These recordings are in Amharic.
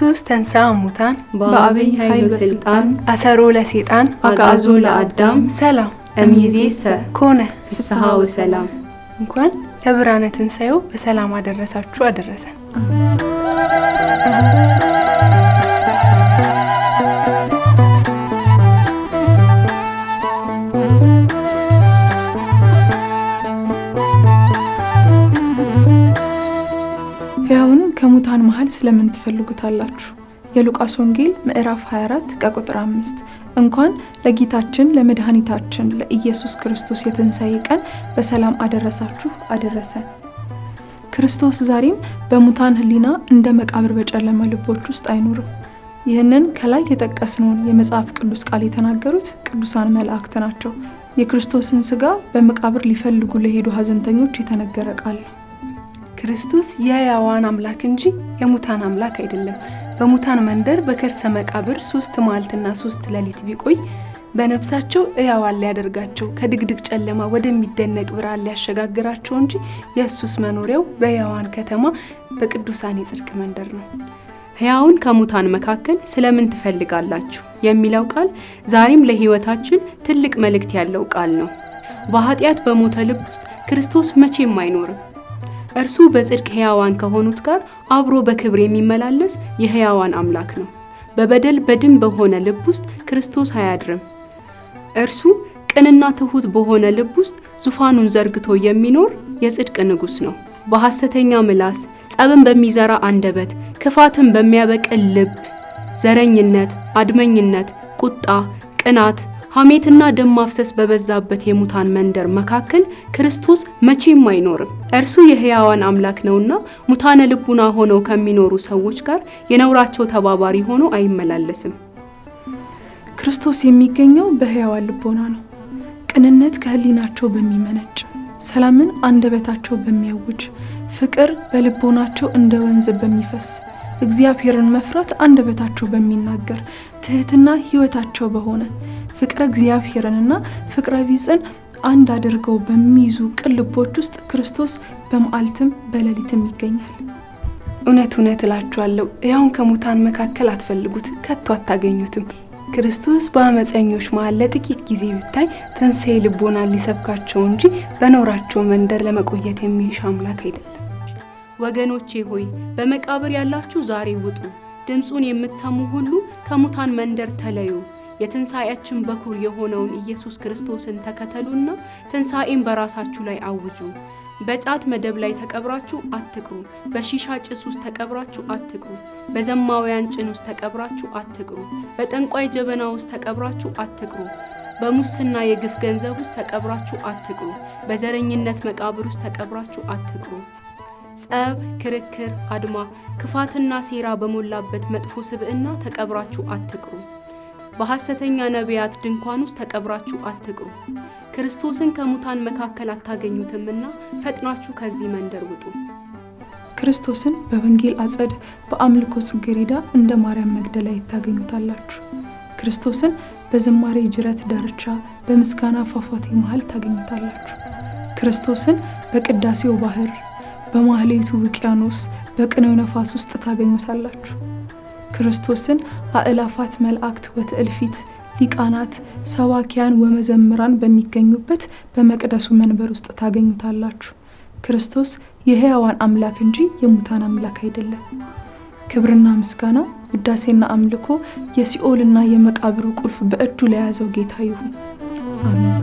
ክርስቶስ ተንሥአ እሙታን በአብይ ኃይል ወስልጣን አሰሮ ለሴጣን አግዓዞ ለአዳም ሰላም እምይእዜሰ ኮነ ፍስሐ ወሰላም። እንኳን ለብርሃነ ትንሣኤው በሰላም አደረሳችሁ አደረሰን። በሙታን መሃል ስለምን ትፈልጉታላችሁ? የሉቃስ ወንጌል ምዕራፍ 24 ከቁጥር 5። እንኳን ለጌታችን ለመድኃኒታችን ለኢየሱስ ክርስቶስ የትንሣኤ ቀን በሰላም አደረሳችሁ አደረሰን። ክርስቶስ ዛሬም በሙታን ህሊና እንደ መቃብር በጨለመ ልቦች ውስጥ አይኖርም። ይህንን ከላይ የጠቀስነውን የመጽሐፍ ቅዱስ ቃል የተናገሩት ቅዱሳን መላእክት ናቸው። የክርስቶስን ሥጋ በመቃብር ሊፈልጉ ለሄዱ ሐዘንተኞች የተነገረ ቃል ነው። ክርስቶስ የሕያዋን አምላክ እንጂ የሙታን አምላክ አይደለም። በሙታን መንደር በከርሰ መቃብር ሶስት መዓልትና ሶስት ሌሊት ቢቆይ በነፍሳቸው ሕያዋን ሊያደርጋቸው ከድቅድቅ ጨለማ ወደሚደነቅ ብርሃን ሊያሸጋግራቸው እንጂ የእሱስ መኖሪያው በሕያዋን ከተማ በቅዱሳን የጽድቅ መንደር ነው። ሕያውን ከሙታን መካከል ስለምን ትፈልጋላችሁ የሚለው ቃል ዛሬም ለሕይወታችን ትልቅ መልእክት ያለው ቃል ነው። በኃጢአት በሞተ ልብ ውስጥ ክርስቶስ መቼም አይኖርም። እርሱ በጽድቅ ሕያዋን ከሆኑት ጋር አብሮ በክብር የሚመላለስ የሕያዋን አምላክ ነው። በበደል በድን በሆነ ልብ ውስጥ ክርስቶስ አያድርም። እርሱ ቅንና ትሑት በሆነ ልብ ውስጥ ዙፋኑን ዘርግቶ የሚኖር የጽድቅ ንጉሥ ነው። በሐሰተኛ ምላስ፣ ጸብን በሚዘራ አንደበት፣ ክፋትን በሚያበቅል ልብ፣ ዘረኝነት፣ አድመኝነት፣ ቁጣ፣ ቅናት ሐሜትና ደም ማፍሰስ በበዛበት የሙታን መንደር መካከል ክርስቶስ መቼም አይኖርም። እርሱ የሕያዋን አምላክ ነውና ሙታነ ልቡና ሆነው ከሚኖሩ ሰዎች ጋር የነውራቸው ተባባሪ ሆኖ አይመላለስም። ክርስቶስ የሚገኘው በሕያዋን ልቦና ነው። ቅንነት ከህሊናቸው በሚመነጭ ሰላምን አንደበታቸው በሚያውጅ ፍቅር በልቦናቸው እንደ ወንዝ በሚፈስ እግዚአብሔርን መፍራት አንደበታቸው በሚናገር ትህትና ህይወታቸው በሆነ ፍቅረ እግዚአብሔርንና ፍቅረ ቢጽን አንድ አድርገው በሚይዙ ቅልቦች ውስጥ ክርስቶስ በመዓልትም በሌሊትም ይገኛል። እውነት እውነት እላችኋለሁ ያውን ከሙታን መካከል አትፈልጉት፣ ከቶ አታገኙትም። ክርስቶስ በአመፀኞች መሀል ለጥቂት ጊዜ ብታይ ትንሣኤ ልቦና ሊሰብካቸው እንጂ በኖራቸው መንደር ለመቆየት የሚሻ አምላክ አይደለም። ወገኖቼ ሆይ በመቃብር ያላችሁ ዛሬ ውጡ፣ ድምፁን የምትሰሙ ሁሉ ከሙታን መንደር ተለዩ። የትንሣኤያችን በኩር የሆነውን ኢየሱስ ክርስቶስን ተከተሉና ትንሣኤን በራሳችሁ ላይ አውጁ። በጫት መደብ ላይ ተቀብራችሁ አትቅሩ። በሺሻ ጭስ ውስጥ ተቀብራችሁ አትቅሩ። በዘማውያን ጭን ውስጥ ተቀብራችሁ አትቅሩ። በጠንቋይ ጀበና ውስጥ ተቀብራችሁ አትቅሩ። በሙስና የግፍ ገንዘብ ውስጥ ተቀብራችሁ አትቅሩ። በዘረኝነት መቃብር ውስጥ ተቀብራችሁ አትቅሩ። ጸብ፣ ክርክር፣ አድማ፣ ክፋትና ሴራ በሞላበት መጥፎ ስብዕና ተቀብራችሁ አትቅሩ። በሐሰተኛ ነቢያት ድንኳን ውስጥ ተቀብራችሁ አትቅሩ፣ ክርስቶስን ከሙታን መካከል አታገኙትምና ፈጥናችሁ ከዚህ መንደር ውጡ። ክርስቶስን በወንጌል አጸድ፣ በአምልኮ ጽጌረዳ እንደ ማርያም መግደላዊት ታገኙታላችሁ። ክርስቶስን በዝማሬ ጅረት ዳርቻ፣ በምስጋና ፏፏቴ መሃል ታገኙታላችሁ። ክርስቶስን በቅዳሴው ባህር፣ በማህሌቱ ውቅያኖስ፣ በቅኔው ነፋስ ውስጥ ታገኙታላችሁ። ክርስቶስን አእላፋት መልአክት ወትእልፊት ሊቃናት ሰባኪያን ወመዘምራን በሚገኙበት በመቅደሱ መንበር ውስጥ ታገኙታላችሁ። ክርስቶስ የሕያዋን አምላክ እንጂ የሙታን አምላክ አይደለም። ክብርና ምስጋና፣ ውዳሴና አምልኮ የሲኦልና የመቃብሩ ቁልፍ በእጁ ለያዘው ጌታ ይሁን። አሜን።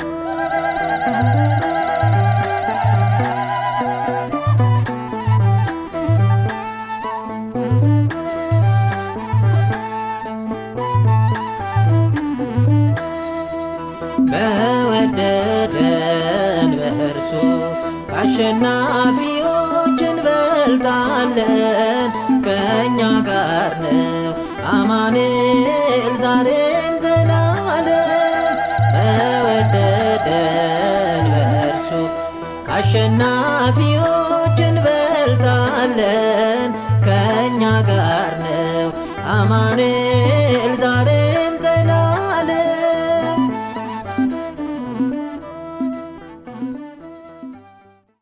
አሸናፊዎች እንበልጣለን ከእኛ ጋር ነው አማኑኤል ዛሬም ዘላለም በወደደን በእርሱ ከአሸናፊዎች እንበልጣለን ከእኛ ጋር ነው አማኑኤል